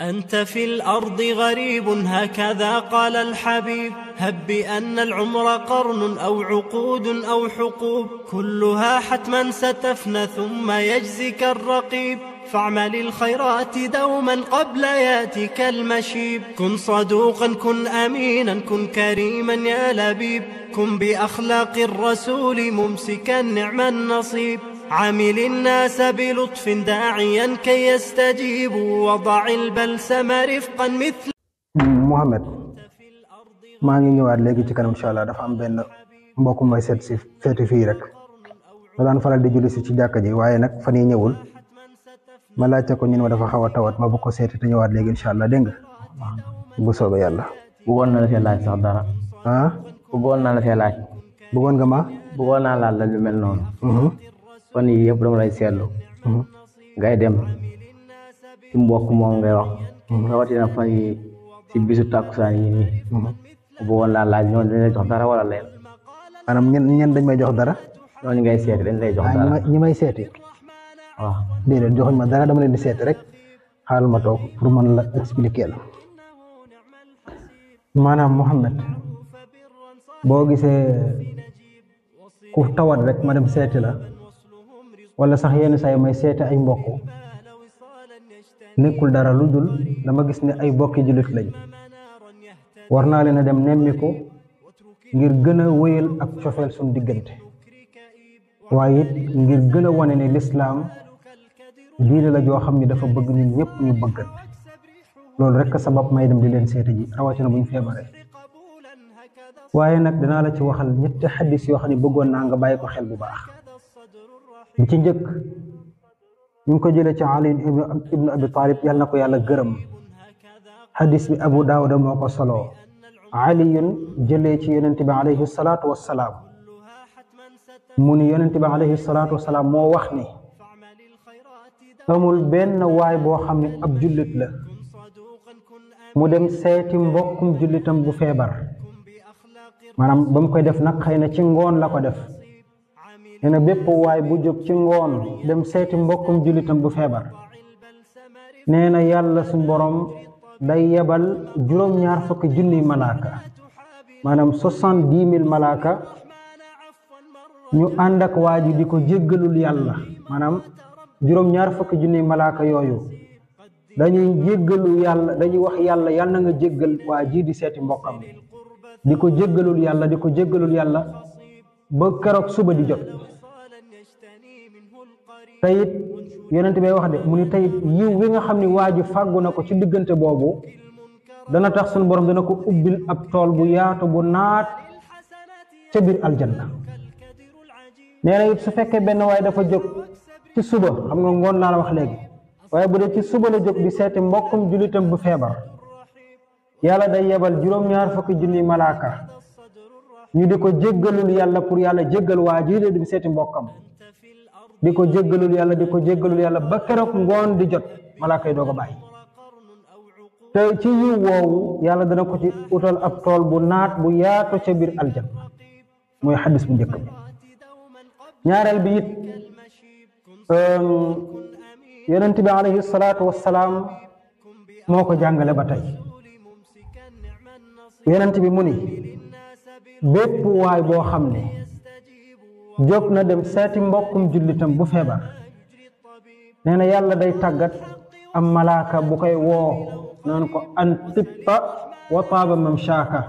أنت في الأرض غريب هكذا قال الحبيب هب بأن العمر قرن أو عقود أو حقوب كلها حتما ستفنى ثم يجزك الرقيب فاعمل الخيرات دوما قبل ياتك المشيب كن صدوقا كن أمينا كن كريما يا لبيب كن بأخلاق الرسول ممسكا نعم النصيب عامل الناس بلطف داعيا كي يستجيبوا وضع maa ngi ñëwaat léegi ci kanam incha dafa am benn mbokk mooy seet si feeti fii rek ma daan faral di julli si ci jàkka ji waaye nag fan yii ñëwul ma laajte ñu ne ma dafa xaw a tawat ma bëgg ko seeti te ñëwaat léegi incha dégg nga bu soobee yàlla. bëggoon na la fee laaj sax dara. nga ma. lu mel noonu. Mhm. fani yi yëpp dama lay seetlu mhm. ngay dem ci mbokk mo ngay wax mhm. rawati na yi ci bisu takusan yi nii mhm. bëggoon laa laaj ñooñu dañ lay jox dara wala leen maanaam ñen ñen dañ may jox dara ñooñu ngay seeti dañ lay jox ah, dara ñi may seeti de leen joxuñ ma dara dama leen di seeti rek xal ma tok pour man la expliquer la maanaam Mouhamed boo gisee ku tawat rek ma dem seeti la wala sax yenn sax yi may seete ay mbokk nekkul dara lu dul dama gis ne ay bokki jullit lañ war naa leen a dem nemmi ko ngir gën a wéyal ak cofeel suñ diggante waaye it ngir gën a wane ne lislaam diine la joo xam ne dafa bëgg ñun ñëpp ñu bëggat loolu rek sabab may dem di leen seete ji rawatina bu ñu feebaree waaye nag danaa la ci waxal ñetti xaddis yoo xam ne bëggoon naa nga bàyyi ko xel bu baax bi ci njëkk ñu ngi ko jëlee ci Ali ibnu Abi Talib yàlla na ko yàlla gërëm xadis bi Abu Daawuda moo ko soloo aliyun jëlee ci yonente bi alayhi salaatu wassalaam mu ni yonente bi alayhi salaatu moo wax ni amul benn waay boo xam ne ab jullit la mu dem seeti mbokkum jullitam bu feebar maanaam ba mu koy def nag xëy na ci ngoon la ko def nee na bépp waay bu jóg ci ngoon dem seeti mbokkum jullitam bu feebar nee na yàlla su borom day yebal juróom-ñaar fukki junniy malaaka maanaam soixante-dix mille malaaka ñu ànd ak waa ji di ko jéggalul yàlla maanaam juróom-ñaar fukki junni malaaka yooyu dañuy jéggalu yàlla dañuy wax yàlla yàlla na nga jéggal waa ji di seeti mbokkam di ko jéggalul yàlla di ko jéggalul yàlla ba keroog suba di jot tayit yonent bay wax de mu ni tayit yiw wi nga xam ni waa ji fàggu na ko ci diggante boobu dana tax suñu borom dana ko ubbil ab tool bu yaatu bu naat ca biir aljanna nee na it su fekkee benn waaye dafa jóg ci suba xam nga ngoon laa la wax léegi waaye bu dee ci suba la jóg di seeti mbokkum jullitam bu feebar yàlla day yebal juróom-ñaar fukki junni malaaka ñu di ko jéggalul yàlla pour yàlla jéggal waa ji di seeti mbokkam di ko jéggalul yàlla di ko jéggalul yàlla ba keroog ngoon di jot malaaka yi doo ko bàyyi te ci yiw woowu yàlla dana ko ci utal ab tool bu naat bu yaato ca biir aljanna mooy xadis bu njëkk bi ñaareel bi it um, yonent bi moo ko jàngale ba tey yonent bi mu ni bépp waay boo xam ne jóg na dem seeti mbokkum jullitam bu feebar nee na yàlla day tàggat am malaaka bu koy woo naan ko an tibta wa taaba mamshaaka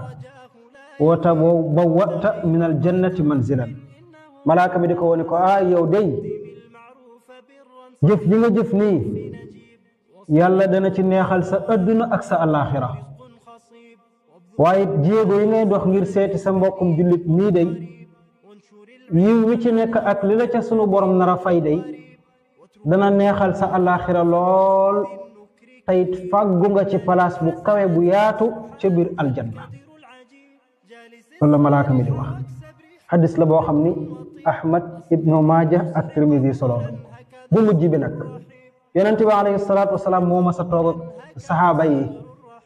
wa tabawwa'ta min aljannati manzilan malaaka bi di ko wone ko ah yow day jëf ji nga jëf nii yàlla dana ci neexal sa adduna ak sa alaxira waaye jéego yi ngay dox ngir seeti sa mbokkum jullit mii day yiw wi ci nekk ak lila ca sunu borom nar a fay day dana neexal sa àllaaxira lool tayit fàggu nga ci palaas bu kawe bu yaatu ca biir aljanna loolu la di wax xadis la boo xam ni ahmad ibnu maaja ak tirmidi solo bu mujj bi nag yonent bi moo ma sa toog saxaaba yi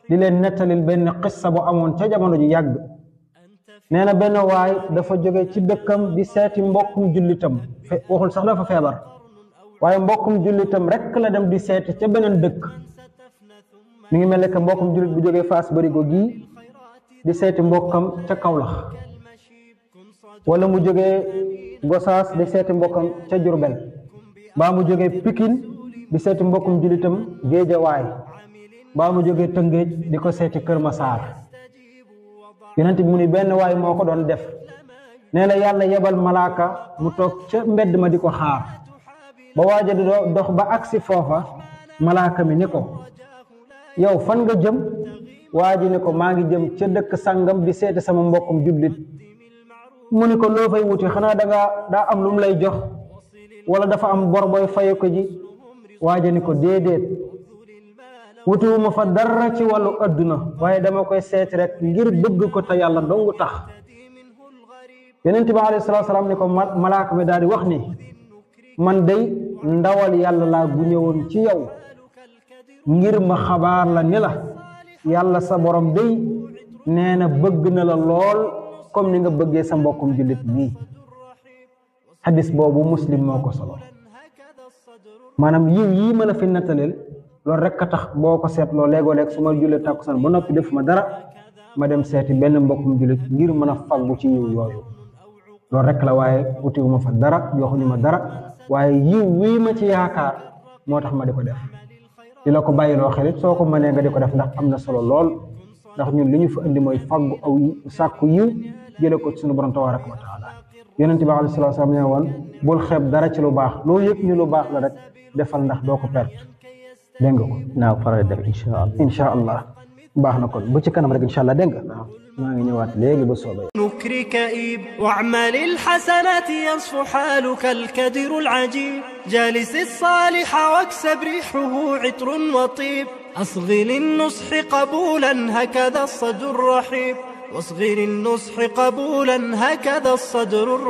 di leen nettalil benn xissa boo amoon ca jamono ji yàgg nee na benn waay dafa jóge ci dëkkam di seeti mbokkum jullitam waxul sax dafa feebar waaye mbokkum jullitam rek la dem di seeti ca beneen dëkk mi ngi mel ne que mbokkum jullit bu jóge Fass Barigo gii di seeti mbokkam ca Kawlax wala mu jóge Gosaas di seeti mbokkam ca Jurbel mbaa mu jógee pikin di seeti mbokkum jullitam Géejawaay mbaa mu jógee Tëngéej di ko seeti Kër Masaar yonent bi mu ni benn waay moo ko doon def nee na yàlla yebal malaaka mu toog ca mbedd ma di ko xaar ba waaja di dox ba agsi foofa malaaka mi ni ko yow fan nga jëm waa ji ni ko maa ngi jëm ca dëkk sàngam bi seete sama mbokkum jullit mu ni ko loo fay wuti xanaa dangaa daa am lu mu lay jox wala dafa am bor booy faye ko ji waaja ni ko déedéet wutuwuma fa dara ci wàllu adduna waaye dama koy seeti rek ngir bëgg ko te yàlla dongu tax yonent bi alayhi salaatu salaam ne ko malaaka mi daal di wax ni man day ndawal yàlla laa gu ñëwoon ci yow ngir ma xabaar la ni la yàlla sa borom day nee na bëgg na la lool comme ni nga bëggee sa mbokkum jullit nii xadis boobu muslim moo ko solo maanaam yiw yii ma la fi nattaleel lo rek ka tax boko lego lego léegoo léeg takusan ma jullee tàkkusaan ba noppi defuma dara ma dem seeti ben mbokum julle ngir meuna fagu ci yiw yoyu loolu rek la waaye utiwuma fa dara joxuñu ma dara waye yiw wi ma ci yaakar motax ma diko def di ko bàyyiloo xel it ko nga diko def ndax amna solo lool ndax ñun liñu fa andi moy fagu aw sakku yiw jele ko ci sunu borom tawarak wa taala alayhi ne bul xeb dara ci lu bax lo yëpp ñu lu bax la rek defal ndax doko perte dégg nga ko naa ko faral def incha allah incha allah baax kon bu ci kanam rek incha allah dégg nga maa ngi ñëwaat léegi ba soobee واعمل الحسنات يصف حالك الكدر العجيب جالس الصالح واكسب ريحه عطر وطيب أصغي للنصح قبولا هكذا الصدر الرحيب واصغي للنصح قبولا هكذا الصدر الرحيب